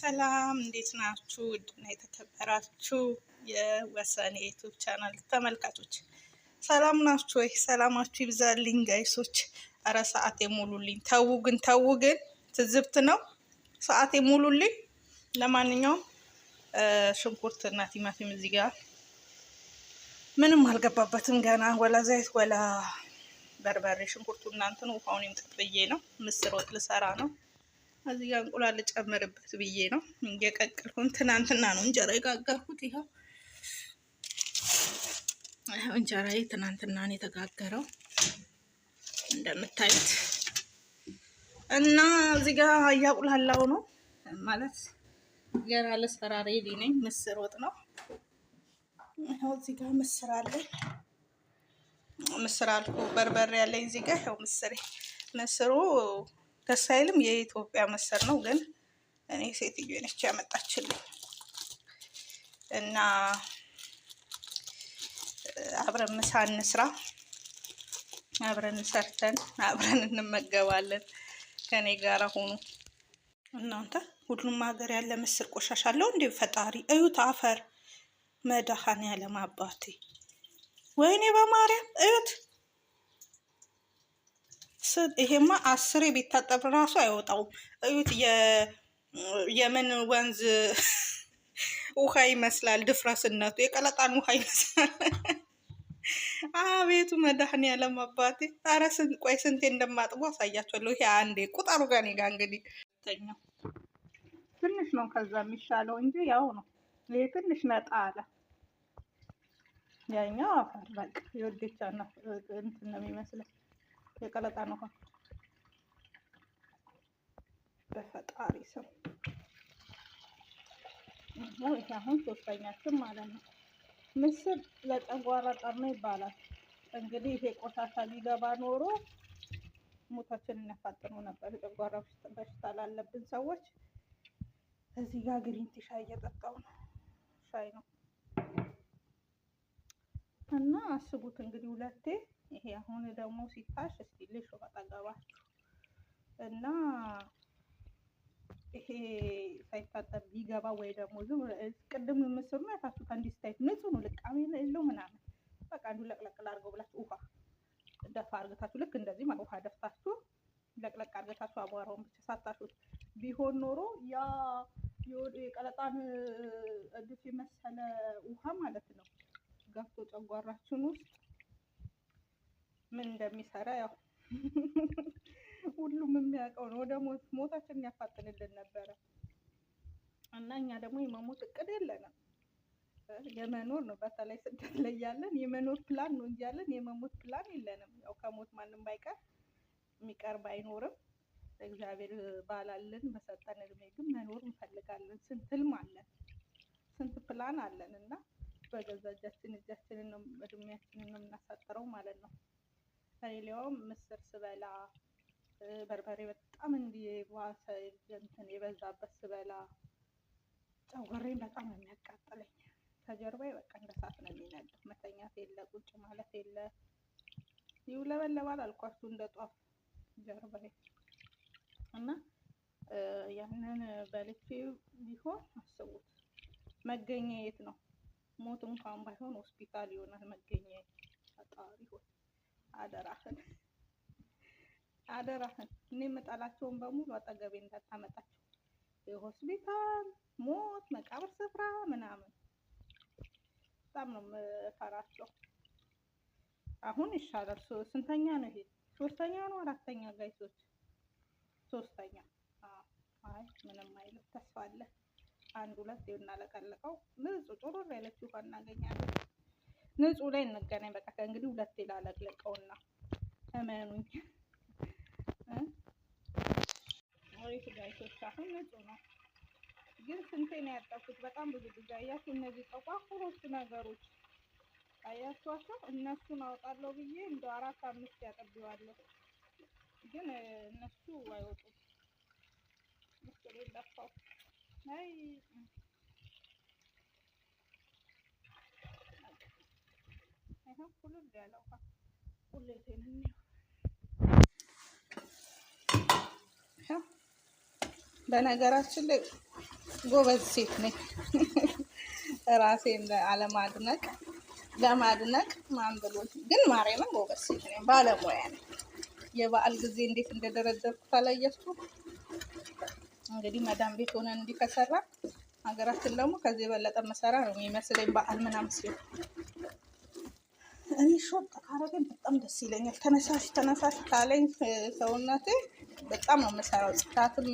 ሰላም እንዴት ናችሁ? ውድና የተከበራችሁ የወሰኔ ዩቱብ ቻናል ተመልካቾች ሰላም ናችሁ ወይ? ሰላማችሁ ይብዛልኝ ጋይሶች። አረ ሰዓት የሙሉልኝ። ተው ግን ተው ግን ትዝብት ነው። ሰዓት የሙሉልኝ። ለማንኛውም ሽንኩርት እና ቲማቲም እዚህ ጋር ምንም አልገባበትም ገና ወላ ዘይት ወላ በርበሬ። ሽንኩርቱ እናንትን ውሃውን ይምጠጥ ብዬ ነው። ምስር ወጥ ልሰራ ነው እዚህ ጋር እንቁላል ልጨምርበት ብዬ ነው እየቀቀልኩን። ትናንትና ነው እንጀራ የጋገርኩት። ይኸው ይኸው እንጀራዬ ትናንትና ነው የተጋገረው እንደምታዩት። እና እዚህ ጋር እያቁላላው ነው ማለት ገና ለስራ ሬዲ ነኝ። ምስር ወጥ ነው። ይኸው እዚህ ጋር ምስር አለኝ። ምስር አልኩ በርበሬ ያለኝ እዚህ ጋር ይኸው ምስሬ ምስሩ ደስ አይልም? የኢትዮጵያ ምስር ነው ግን እኔ ሴትዮ ነች ያመጣችልኝ እና አብረን ምሳ እንስራ፣ አብረን ሰርተን አብረን እንመገባለን። ከኔ ጋር ሆኑ እናንተ። ሁሉም ሀገር ያለ ምስር ቆሻሻ አለው እንዴ? ፈጣሪ እዩት፣ አፈር መድኃኔዓለም አባቴ፣ ወይኔ በማርያም እዩት። ይሄማ አስሬ ቢታጠብ ራሱ አይወጣውም። እዩት፣ የምን ወንዝ ውሃ ይመስላል። ድፍረስነቱ የቀለጣን ውሃ ይመስላል። አቤቱ መድኃኒዓለም አባቴ፣ ኧረ ቆይ ስንቴ እንደማጥቦ አሳያቸዋለሁ። ይሄ አንዴ ቁጠሩ ጋር እኔ ጋ እንግዲህ ትንሽ ነው ከዛ የሚሻለው እንጂ ያው ነው። ይሄ ትንሽ ነጣ አለ። ያኛው አፈር በቃ የወዴቻ ነው እንትን ነው የሚመስለው የቀለጣ ነው። በፈጣሪ ስም ይሄ አሁን ሶስተኛችን ማለት ነው። ምስር ለጨጓራ ጠርኖ ይባላል። እንግዲህ ይሄ ቆሻሻ ሊገባ ኖሮ ሞታችን እናፋጥኑ ነበር። የጨጓራ በሽታ ላለብን ሰዎች እዚህ ጋር ግሪን ቲ ሻይ እየጠጣው ነው። ሻይ ነው እና አስቡት እንግዲህ ሁለቴ ይሄ አሁን ደግሞ ሲታሽ እስቲ ልሹ አጠገባችሁ እና ይሄ ሳይታጠብ ቢገባ ወይ ደግሞ ዝም ቅድም ምስሉ ነው ታስታ እንዲህ ስታይት ንጹህ ነው፣ ልቃሚ የለው ምናምን በቃ አንዱ ለቅለቅ አድርገው ብላችሁ ውሃ ደፋ አርግታችሁ ልክ እንደዚህ ማለት ውሃ ደፍታችሁ ለቅለቅ አርግታችሁ አቧራውን ብቻ ሳታችሁት ቢሆን ኖሮ ያ የቀለጣን እድፍ የመሰለ ውሃ ማለት ነው ገብቶ ጨጓራችን ውስጥ ምን እንደሚሰራ ያው ሁሉም የሚያውቀው ነው። ወደ ሞት ሞታችን የሚያፋጥንልን ነበረ እና እኛ ደግሞ የመሞት እቅድ የለንም የመኖር ነው። በተለይ ስደት ላይ ያለን የመኖር ፕላን ነው እንጂ ያለን የመሞት ፕላን የለንም። ያው ከሞት ማንም ባይቀር የሚቀርብ አይኖርም። እግዚአብሔር ባላልን በሰጠን እድሜ ግን መኖር እንፈልጋለን። ስንት ህልም አለን፣ ስንት ፕላን አለን እና በገዛ እጃችን እጃችንን ነው እድሜያችንን ነው የምናሳጥረው ማለት ነው። ከሌላውም ሊያውም ምስር ስበላ በርበሬ በጣም እንዲዋሰ እንትን የበዛበት ስበላ ጨጓራዬን በጣም ነው የሚያቃጥለኝ። ከጀርባዬ በቃ እንደ እሳት ነው የሚነደው። መተኛት የለ ቁጭ ማለት የለ ይውለበለባል። አልኳችሁ እንደ ጧፍ ጀርባዬ እና ያንን በልቼ ቢሆን አስቡት መገኘት ነው። ሞት እንኳን ባይሆን ሆስፒታል ይሆናል መገኘት ፈጣሪ ሆይ አደራህን አደራህን እኔ የምጠላቸውን በሙሉ አጠገቤ እንዳታመጣቸው። የሆስፒታል ሞት፣ መቃብር ስፍራ ምናምን በጣም ነው የምፈራቸው። አሁን ይሻላል። ስንተኛ ነው ይሄ? ሶስተኛ ነው አራተኛ? ጋይሶች ሶስተኛ። አይ ምንም አይልም፣ ተስፋ አለ። አንድ ሁለት ይሆናል። አለቀለቀው ንጹህ ጥሩ ያለች ውሃ እናገኛለን። ንጹህ ላይ እንገናኝ። በቃ ከእንግዲህ ሁለቴ ላለቅለቀውና እመኑኝ። ወይስ ጋይሶች አሁን ንጹህ ነው ግን ስንቴ ነው ያጠፉት? በጣም ብዙ ጊዜ አያችሁ። እነዚህ ጠቋቁሮች ነገሮች አያችኋቸው። እነሱን አወጣለሁ ብዬ እንደ አራት አምስት ያጠብዋለሁ፣ ግን እነሱ አይወጡም። ምስሉ ለፋው አይ በነገራችን ላይ ጎበዝ ሴት ነኝ። ራሴን አለማድነቅ ለማድነቅ ማን ብሎ ግን ማርያምን ጎበዝ ሴት ነኝ፣ ባለሙያ ነኝ። የበዓል ጊዜ እንዴት እንደደረደርኩት አላያችሁም? እንግዲህ መዳም ቤት ሆነን እንዲከሰራ ሀገራችን ደግሞ ከዚህ የበለጠ መሰራ ነው የሚመስለኝ በዓል ምናምን ሲሆን እኔ ሾጥ ካረገኝ በጣም ደስ ይለኛል። ተነሳሽ ተነሳሽ ካለኝ ሰውነቴ በጣም ነው የምሰራው። ጽዳትም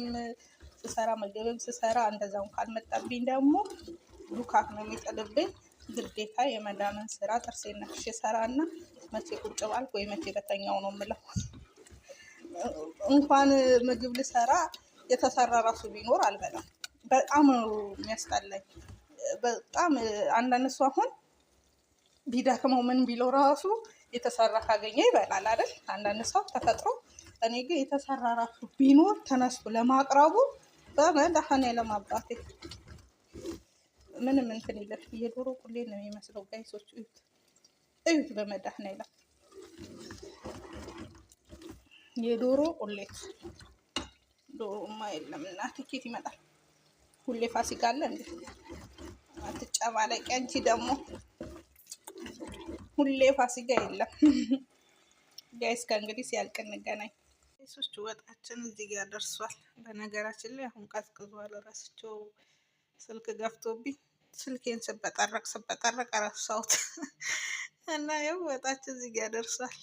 ስሰራ፣ ምግብም ስሰራ እንደዛውን ካልመጣብኝ ደግሞ ሉካት ነው የሚጥልብኝ። ግዴታ የመዳምን ስራ ጥርሴን ነክሼ እና መቼ ቁጭ ባልክ ወይ መቼ በተኛው ነው የምለው። እንኳን ምግብ ልሰራ የተሰራ ራሱ ቢኖር አልበላም። በጣም ነው የሚያስጠላኝ። በጣም አንዳንድ ሰው አሁን ቢደክመው ምን ቢለው ራሱ የተሰራ ካገኘ ይበላል አይደል? አንዳንድ ሰው ተፈጥሮ። እኔ ግን የተሰራ ራሱ ቢኖር ተነስቶ ለማቅረቡ በመድኃኔዓለም አባቴ ምንም እንትን የለም። የዶሮ ቁሌ ነው የሚመስለው። ጋይሶች እዩት፣ እዩት በመድኃኔዓለም የዶሮ ቁሌት። ዶሮማ የለም እና ትኬት ይመጣል። ሁሌ ፋሲካ አለ እንዴ? አትጨማለቂ አንቺ ደግሞ ሁሌ ፋሲካ የለም ጋይስ። ከእንግዲህ ሲያልቅ እንገናኝ። ሶች ወጣችን እዚህ ጋር ደርሷል። በነገራችን ላይ አሁን ቀዝቅዟል። እረስቸው ስልክ ገፍቶብኝ ስልኬን ስበጠረቅ ስበጠረቅ እረሳሁት እና ያው ወጣችን እዚህ ጋር ደርሷል።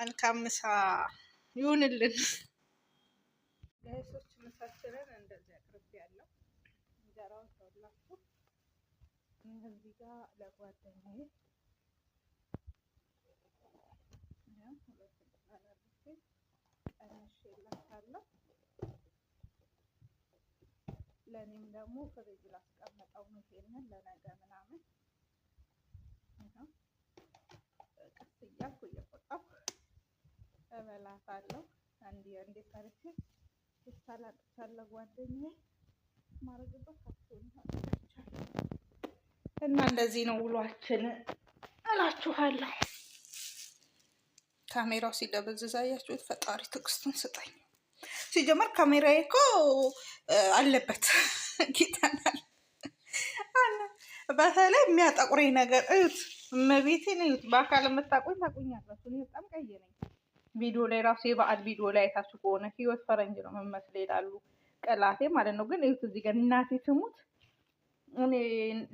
መልካም ምሳ ይሁንልን። እዚህ ጋር ለጓደኛዬ ለእኔም ደግሞ ፍሪጅ ላስቀምጠው ነው ለነገ ምናምን ቀስ እያልኩ እየቆጠብኩ እበላታለሁ። አንድ አንዴ ሰርቼ ሳላጥቻለሁ ጓደኛዬ ማረግበት ከፍቶ እና እንደዚህ ነው ውሏችን እላችኋለሁ። ካሜራው ሲደበዝዝ አያችሁት? ፈጣሪ ትዕግስቱን ስጠኝ። ሲጀመር ካሜራዬ እኮ አለበት ጌታናል በተለይ የሚያጠቁረኝ ነገር እዩት፣ እመቤቴን እዩት። በአካል የምታቆኝ ታቆኛላችሁ። እኔ በጣም ቀይ ነኝ። ቪዲዮ ላይ ራሱ የበዓል ቪዲዮ ላይ አይታችሁ ከሆነ ህይወት ፈረንጅ ነው የምመስል ይላሉ። ቀላቴ ማለት ነው። ግን እዩት እዚህ ጋር እናቴ ትሙት እኔ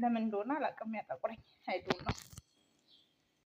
ለምን እንደሆነ አላውቅም። ያጠቁረኝ አይዶም ነው